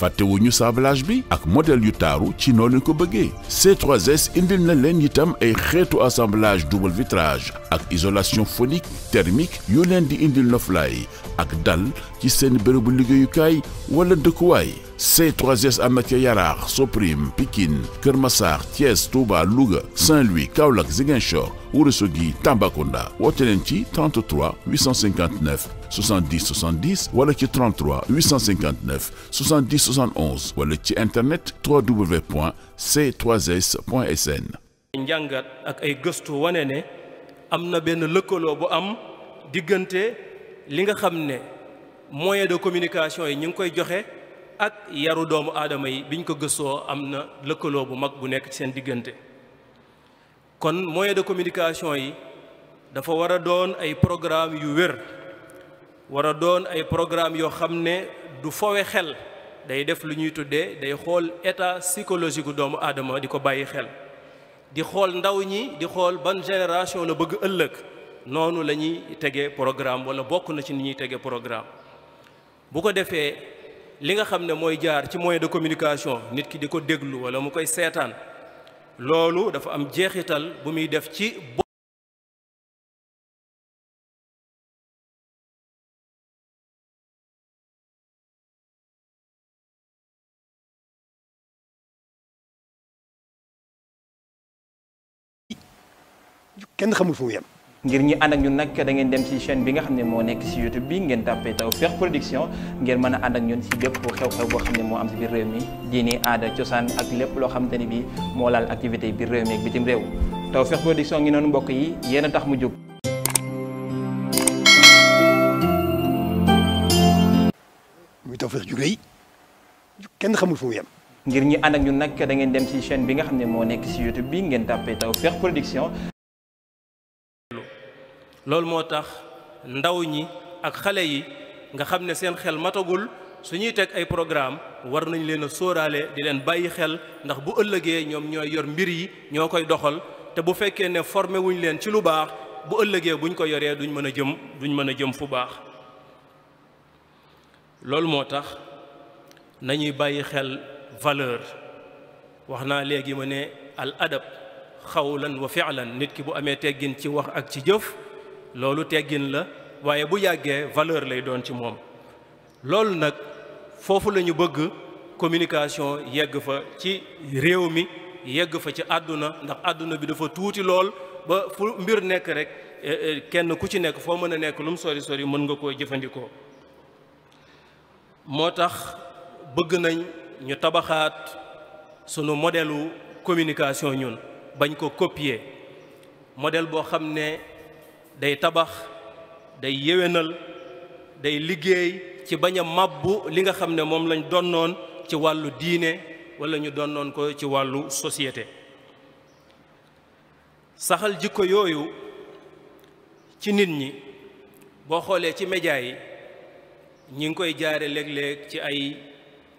fàttewuñu sablage bi ak modèle yu taaru ci noolu noonu ko bëggee c 3 indil na leen itam ay xeetu assemblage double vitrage ak isolation phonique thermique yu leen di indil noflaay ak dal ci seen bërëbu liggéeyukaay wala dëkkuwaay C3S Amathia Yaraax Soprim Pikine Kër Massar Thiès Touba Louga Saint-Louis Kaolack Ziguinchor Ourossogui Tambacounda woote leen ci 33 859 70 70 wala ci 33 859 70 71 wala ci internet www.c3s.sn. njàngat ak ay gëstu wane ne am na benn lëkkaloo bu am diggante li nga xam ne moyen de communication yi ñu ngi koy joxe ak yaru doomu aadama yi biñ ko gëstoo am na lëkkaloo bu mag bu nekk ci seen diggante. kon moyen de communication yi dafa war a doon ay programme yu wér war a doon ay programme yoo xam ne du fowe xel day def lu ñuy tuddee day xool état psychologique gu doomu aadama di ko bàyyi xel di xool ndaw ñi di xool ban génération la bëgg ëllëg noonu la ñuy tegee programme wala bokk na ci ni ñuy tegee programme bu ko defee li nga xam ne mooy jaar ci moyen de communication nit ki di ko déglu wala mu koy seetaan loolu dafa am jeexital bu muy def ci kenn xamul fu yem ngir ñi ànd ak ñun nag da ngeen dem ci chaîne bi nga xam ne moo nekk ci YouTube bi ngeen tàppee Tawfekh Production ngeen mën a ànd ak ñun ci bépp boo xam ne am ci biir réew diini aada cosaan ak lépp loo xamante ni bi moo laal activité biir réew mi ak bitim réew Tawfekh Production ngi noonu mbokk yi yéen tax mu jóg. muy Tawfekh kenn xamul fu yem. ngir ñi ànd ak nag da ngeen dem ci chaîne bi nga xam ne moo nekk ci YouTube bi ngeen tàppee Tawfekh Production. loolu moo tax ndaw ñi ak xale yi nga xam ne seen xel matagul su ñuy teg ay programme war nañ leen a sóoraale di leen bàyyi xel ndax bu ëllëgee ñoom ñooy yor mbir yi ñoo koy doxal te bu fekkee ne formé wuñ leen ci lu baax bu ëllëgee buñ ko yoree duñ mën a jëm duñ mën a jëm fu baax loolu moo tax nañuy bàyyi xel valeur wax naa léegi ma ne al adab xawlan wa fi'lan nit ki bu amee teggin ci wax ak ci jëf loolu teggin la waaye bu yàggee valeur lay doon ci moom loolu nag foofu lañu bëgg communication yegg fa ci réew mi yegg fa ci àdduna ndax àdduna bi dafa tuuti lool ba fu mbir nekk rek e, e, kenn ku ci nekk foo mën a nekk lu mu sori sori mën nga koo jëfandikoo moo tax bëgg nañ ñu tabaxaat sunu modelu communication ñun bañ ko copier modèle boo xam ne day tabax day yéwénal day liggéey ci bañ a màbbu li nga xam ne moom lañ donnoon ci wàllu diine wala ñu donnoon ko ci wàllu société saxal jikko yooyu ci nit ñi boo xoolee ci média yi ñi ngi koy jaare léeg-léeg ci ay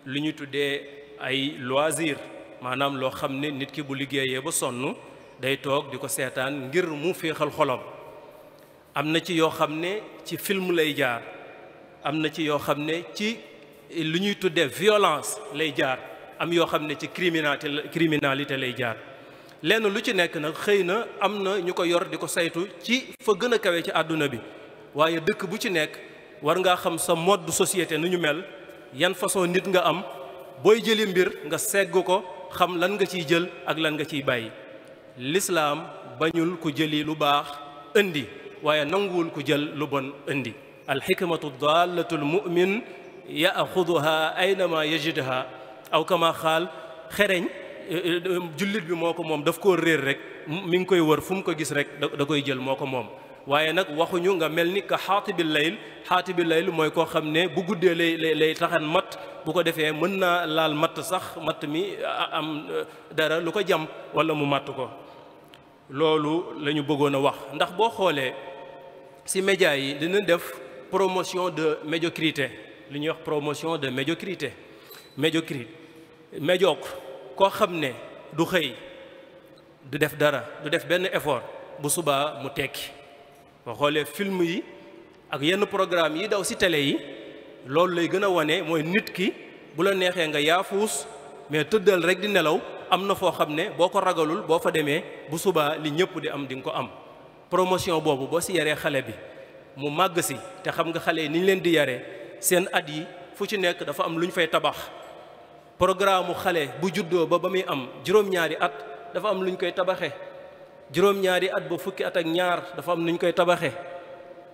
lu ñu tuddee ay loisir maanaam loo xam ne nit ki bu liggéeyee ba sonn day toog di ko seetaan ngir mu féexal xolom am na ci yoo xam ne ci film lay jaar am na ci yoo xam ne ci lu ñuy tuddee violence lay jaar am yoo xam ne ci criminalité criminalité lay jaar lenn lu ci nekk nag xëy na am na ñu ko yor di ko saytu ci fa gën a kawe ci àdduna bi waaye dëkk bu ci nekk war ngaa xam sa mode de société nu mel yan façon nit nga am booy jëli mbir nga segg ko xam lan nga ciy jël ak lan nga ciy bàyyi lislaam bañul ku jëli lu baax indi waaye nanguwul ku jël lu bon indi alxikmatu dallatu lmumin yaaxuduha aynama yajidha aw kama xaal xereñ jullit bi moo ko moom daf koo réer rek mi ngi koy wër fu mu ko gis rek da koy jël moo ko moom waaye nag waxuñu nga mel ni ka xaatibil layl xaatibil layl mooy koo xam ne bu guddee lay lay taxan matt bu ko defee mën naa laal matt sax matt mi am e, dara lu ko jam walla mu matt ko loolu lañu ñu bëggoon a wax ndax boo xoolee si médias yi dina def promotion de médiocrité li ñuy wax promotion de médiocrité médiocrité médiocre koo xam ne du xëy du def dara du def benn effort bu subaa mu tekki boo xoolee film yi ak yenn programme yi daw si tele yi loolu lay gën a wane mooy nit ki bu la neexee nga yaafuus mais tëddal rek di nelaw am na foo xam ne boo ko ragalul boo fa demee bu subaa li ñëpp di am di nga ko am promotion boobu boo si yaree xale bi mu màgg si te xam nga xale yi ni leen di yaree seen at yi fu ci nekk dafa am lu ñu fay tabax programme mu xale bu juddoo ba ba muy am juróom-ñaari at dafa am lu ñu koy tabaxee juróom at ba fukki at ak ñaar dafa am nu koy tabaxee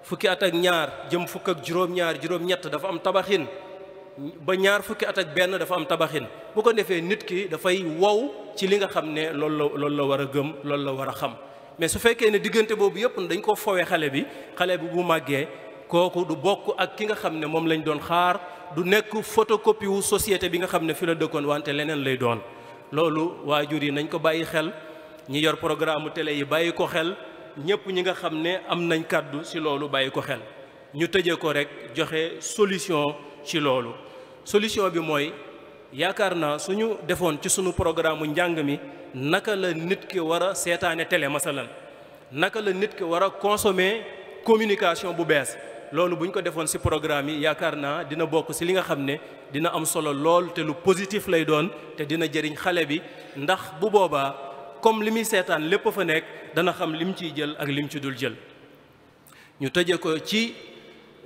fukki at ak ñaar jëm fukk ak juróom-ñaar juróom-ñett dafa am tabaxin ba ñaar fukki at ak benn dafa am tabaxin bu ko defee nit ki dafay wow ci li nga xam ne loolu la loolu la war a gëm loolu la war a xam mais su fekkee ne diggante boobu yëpp dañ koo fowee xale bi xale bi bu màggee kooku du bokk ak ki nga xam ne moom lañ doon xaar du nekk photocopie wu société bi nga xam ne fi la dëkkoon wante leneen lay doon loolu waajur yi nañ ko bàyyi xel ñi yor programme télé yi bàyyi ko xel ñëpp ñi nga xam ne am nañ kàddu ci loolu bàyyi ko xel ñu tëjee ko rek joxe solution ci loolu solution bi mooy yaakaar naa suñu defoon ci suñu programme njàng mi naka la nit ki war a seetaane télé masalan naka la nit ki war a consommer communication bu bees loolu bu ñu ko defoon si programme yi yaakaar naa dina bokk si li nga xam ne dina am solo lool te lu positif lay doon te dina jëriñ xale bi ndax bu boobaa comme li muy seetaan lépp fa nekk dana xam lim ciy jël ak lim ci dul jël ñu tëje ko ci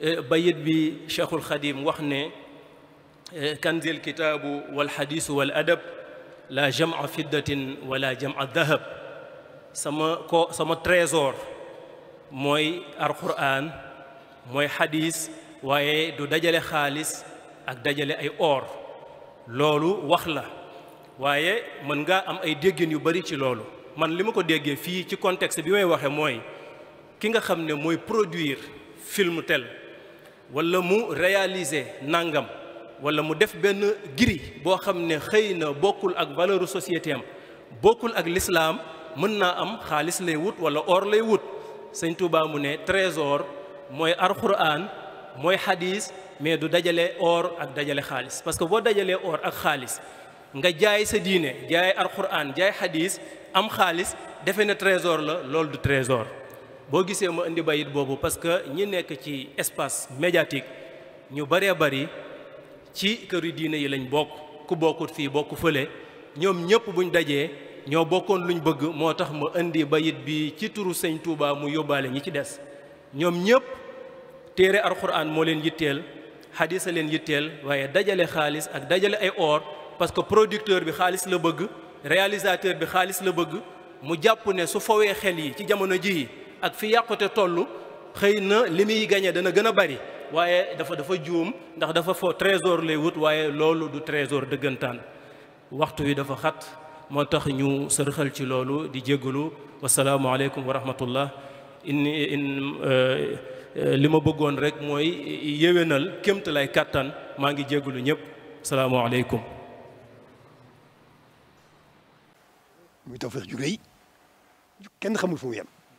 eh, bayit bi Cheikhul Khadim wax ne Eh, kanzil kitaabu wal xadiisu wal adab la jamaa fiddatin wala jamaa dahab sama ko sama trésor mooy alquran mooy xadiis waaye du dajale xaalis ak dajale ay or loolu wax la waaye mën ngaa am ay déggin yu bari ci loolu man li ma ko déggee fii ci contexte bi may waxe mooy ki nga xam ne mooy produire film tel walla mu réaliser nangam wala mu def benn giri boo xam ne xëy na bokkul ak valeur société bokkul ak lislaam mën naa am xaalis lay wut wala or lay wut sëñ Touba mu ne trésor mooy alxuraan mooy xadiis mais du dajale or ak dajale xaalis parce que boo dajalee or ak xaalis nga jaay sa diine jaay alxuraan jaay xadiis am xaalis defe ne trésor la loolu du trésor boo gisee ma indi bayit boobu parce que ñi nekk ci espace médiatique ñu bëree bari ci kër këru diine yi lañ bokk ku bokkut fii bokk fële ñoom ñëpp buñ dajee ñoo bokkoon luñ bëgg moo tax ma indi bayit bi ci turu sëñ Touba mu yóbbaale ñi ci des ñoom ñëpp téere alxuraan moo leen yitteel xadisa leen yitteel waaye dajale xaalis ak dajale ay or parce que producteur bi xaalis la bëgg réalisateur bi xaalis la bëgg mu jàpp ne su fowee xel yi ci jamono ji ak fi yàqute tollu xëy na li muy gañe dana gën a bari waaye dafa dafa juum ndax dafa fo trésor lay wut waaye loolu du trésor dëggantaan waxtu wi dafa xat moo tax ñu sërxal ci loolu di jéggalu wasalaamualeykum wa rahmatullah inni in euh, li ma bëggoon rek mooy yéwénal kémt lay kàttan maa ngi jéggalu ñëpp salaamualeykum muy tawfeex ju kenn xamul fu mu yem